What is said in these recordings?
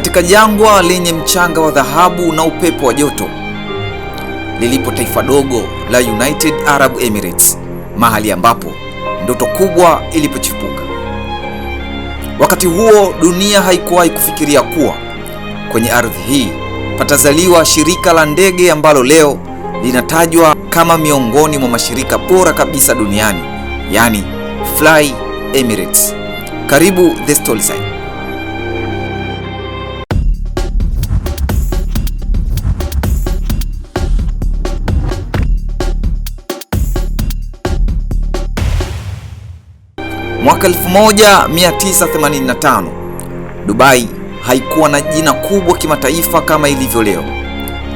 katika jangwa lenye mchanga wa dhahabu na upepo wa joto lilipo taifa dogo la United Arab Emirates, mahali ambapo ndoto kubwa ilipochipuka. Wakati huo dunia haikuwahi kufikiria kuwa kwenye ardhi hii patazaliwa shirika la ndege ambalo leo linatajwa kama miongoni mwa mashirika bora kabisa duniani, yani Fly Emirates. Karibu The Storyside. Mwaka 1985 Dubai haikuwa na jina kubwa kimataifa kama ilivyo leo.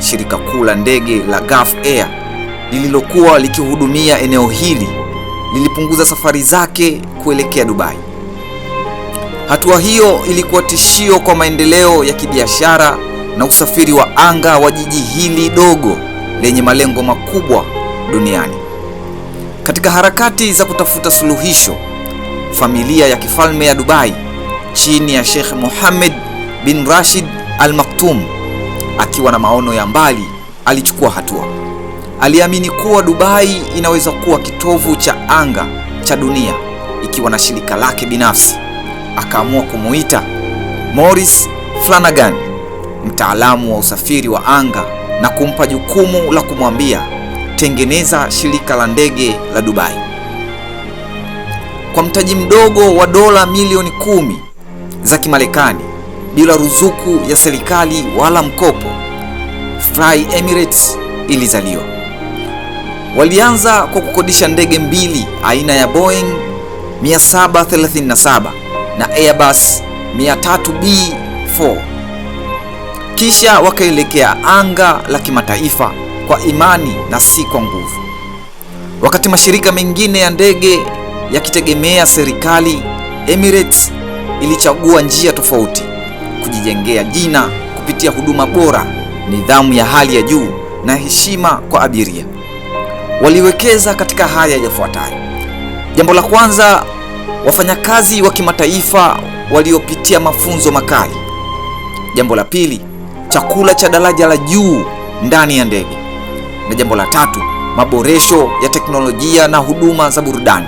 Shirika kuu la ndege la Gulf Air lililokuwa likihudumia eneo hili lilipunguza safari zake kuelekea Dubai. Hatua hiyo ilikuwa tishio kwa maendeleo ya kibiashara na usafiri wa anga wa jiji hili dogo lenye malengo makubwa duniani. Katika harakati za kutafuta suluhisho familia ya kifalme ya Dubai chini ya Sheikh Mohammed bin Rashid Al Maktoum. Akiwa na maono ya mbali, alichukua hatua. Aliamini kuwa Dubai inaweza kuwa kitovu cha anga cha dunia ikiwa na shirika lake binafsi. Akaamua kumuita Morris Flanagan, mtaalamu wa usafiri wa anga, na kumpa jukumu la kumwambia, tengeneza shirika la ndege la Dubai kwa mtaji mdogo wa dola milioni kumi za Kimarekani bila ruzuku ya serikali wala mkopo, Fly Emirates ilizaliwa. Walianza kwa kukodisha ndege mbili aina ya Boeing 737 na Airbus 300B4 kisha wakaelekea anga la kimataifa kwa imani na si kwa nguvu. Wakati mashirika mengine ya ndege yakitegemea serikali, Emirates ilichagua njia tofauti kujijengea jina kupitia huduma bora, nidhamu ya hali ya juu na heshima kwa abiria. Waliwekeza katika haya yafuatayo. Jambo la kwanza, wafanyakazi wa kimataifa waliopitia mafunzo makali. Jambo la pili, chakula cha daraja la juu ndani ya ndege, na jambo la tatu, maboresho ya teknolojia na huduma za burudani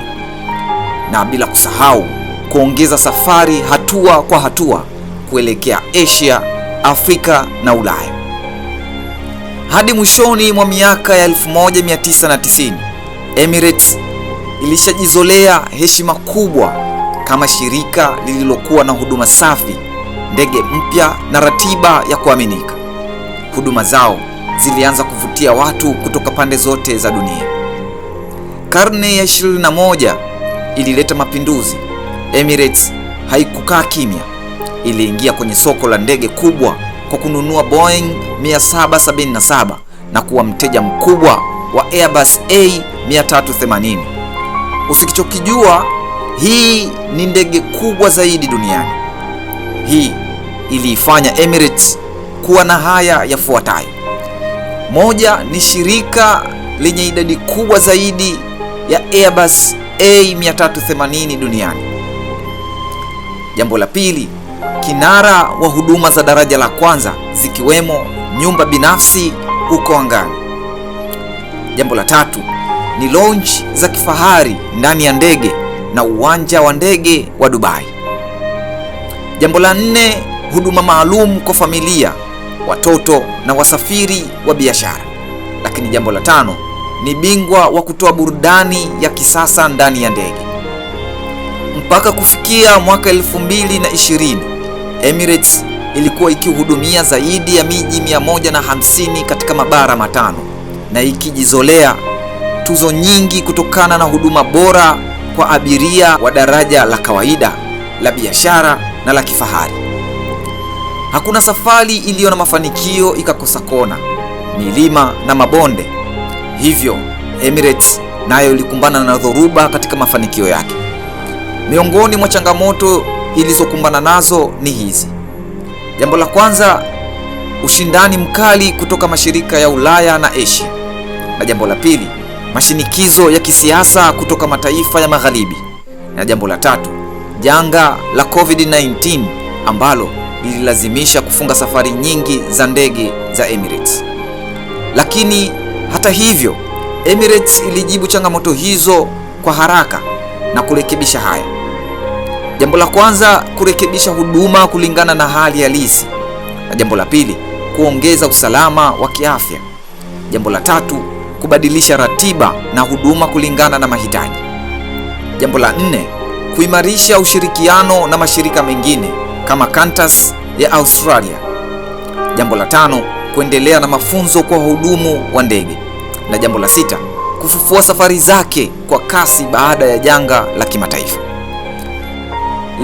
na bila kusahau kuongeza safari hatua kwa hatua kuelekea Asia, Afrika na Ulaya. Hadi mwishoni mwa miaka ya 1990, Emirates ilishajizolea heshima kubwa kama shirika lililokuwa na huduma safi, ndege mpya na ratiba ya kuaminika. Huduma zao zilianza kuvutia watu kutoka pande zote za dunia. Karne ya 21 ilileta mapinduzi. Emirates haikukaa kimya, iliingia kwenye soko la ndege kubwa kwa kununua Boeing 777 na kuwa mteja mkubwa wa Airbus A380. Usikichokijua, hii ni ndege kubwa zaidi duniani. Hii iliifanya Emirates kuwa na haya yafuatayo: moja, ni shirika lenye idadi kubwa zaidi ya Airbus A380 duniani. Jambo la pili, kinara wa huduma za daraja la kwanza zikiwemo nyumba binafsi huko angani. Jambo la tatu ni lounge za kifahari ndani ya ndege na uwanja wa ndege wa Dubai. Jambo la nne, huduma maalum kwa familia, watoto na wasafiri wa biashara. Lakini jambo la tano ni bingwa wa kutoa burudani ya kisasa ndani ya ndege. Mpaka kufikia mwaka 2020, Emirates ilikuwa ikihudumia zaidi ya miji 150 katika mabara matano na ikijizolea tuzo nyingi kutokana na huduma bora kwa abiria wa daraja la kawaida, la biashara na la kifahari. Hakuna safari iliyo na mafanikio ikakosa kona, milima na mabonde Hivyo Emirates nayo ilikumbana na dhoruba katika mafanikio yake. Miongoni mwa changamoto ilizokumbana nazo ni hizi: jambo la kwanza, ushindani mkali kutoka mashirika ya Ulaya na Asia, na jambo la pili, mashinikizo ya kisiasa kutoka mataifa ya Magharibi, na jambo la tatu, janga la COVID-19 ambalo lililazimisha kufunga safari nyingi za ndege za Emirates. Lakini hata hivyo, Emirates ilijibu changamoto hizo kwa haraka na kurekebisha haya. Jambo la kwanza, kurekebisha huduma kulingana na hali halisi, na jambo la pili, kuongeza usalama wa kiafya. Jambo la tatu, kubadilisha ratiba na huduma kulingana na mahitaji. Jambo la nne, kuimarisha ushirikiano na mashirika mengine kama Qantas ya Australia. Jambo la tano, kuendelea na mafunzo kwa wahudumu wa ndege na jambo la sita, kufufua safari zake kwa kasi baada ya janga la kimataifa.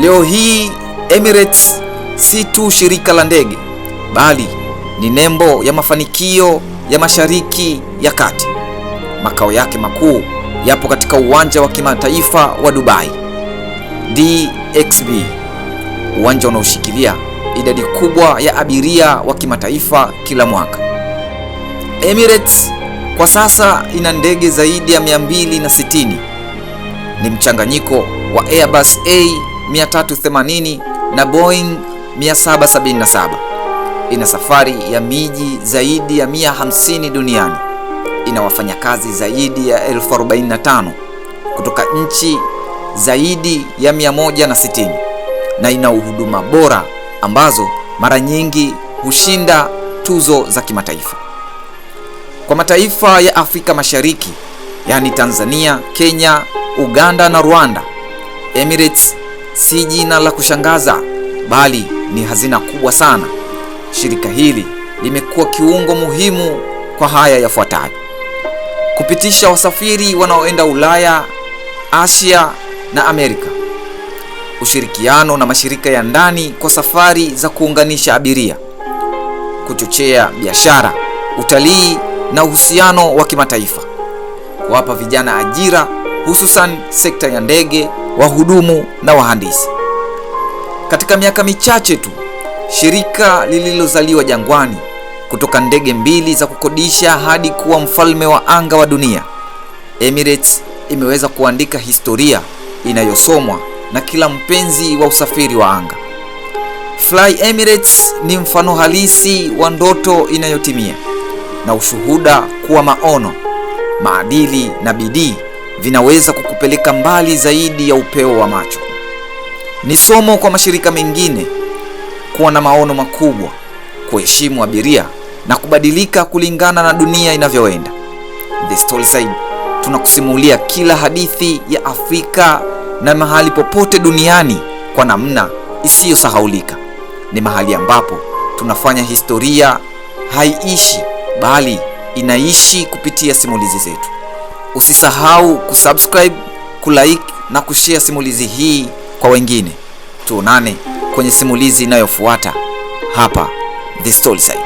Leo hii Emirates si tu shirika la ndege, bali ni nembo ya mafanikio ya Mashariki ya Kati. Makao yake makuu yapo katika uwanja wa kimataifa wa Dubai DXB, uwanja unaoshikilia idadi kubwa ya abiria wa kimataifa kila mwaka. Emirates kwa sasa ina ndege zaidi ya 260. Ni mchanganyiko wa Airbus A380 na Boeing 777. Ina safari ya miji zaidi ya 150 duniani. Ina wafanyakazi zaidi ya 1045 45 kutoka nchi zaidi ya 160 na, na ina huduma bora ambazo mara nyingi hushinda tuzo za kimataifa kwa mataifa ya Afrika Mashariki yaani Tanzania, Kenya, Uganda na Rwanda. Emirates si jina la kushangaza bali ni hazina kubwa sana. Shirika hili limekuwa kiungo muhimu kwa haya yafuatayo: kupitisha wasafiri wanaoenda Ulaya, Asia na Amerika, ushirikiano na mashirika ya ndani kwa safari za kuunganisha abiria, kuchochea biashara, utalii na uhusiano wa kimataifa, kuwapa vijana ajira, hususan sekta ya ndege, wahudumu na wahandisi. Katika miaka michache tu, shirika lililozaliwa Jangwani kutoka ndege mbili za kukodisha hadi kuwa mfalme wa anga wa dunia, Emirates imeweza kuandika historia inayosomwa na kila mpenzi wa usafiri wa anga. Fly Emirates ni mfano halisi wa ndoto inayotimia na ushuhuda kuwa maono, maadili na bidii vinaweza kukupeleka mbali zaidi ya upeo wa macho. Ni somo kwa mashirika mengine kuwa na maono makubwa, kuheshimu abiria na kubadilika kulingana na dunia inavyoenda. The Storyside tunakusimulia kila hadithi ya Afrika na mahali popote duniani kwa namna isiyosahaulika. Ni mahali ambapo tunafanya historia haiishi bali inaishi kupitia simulizi zetu. Usisahau kusubscribe, kulike na kushare simulizi hii kwa wengine. Tuonane kwenye simulizi inayofuata hapa The Storyside.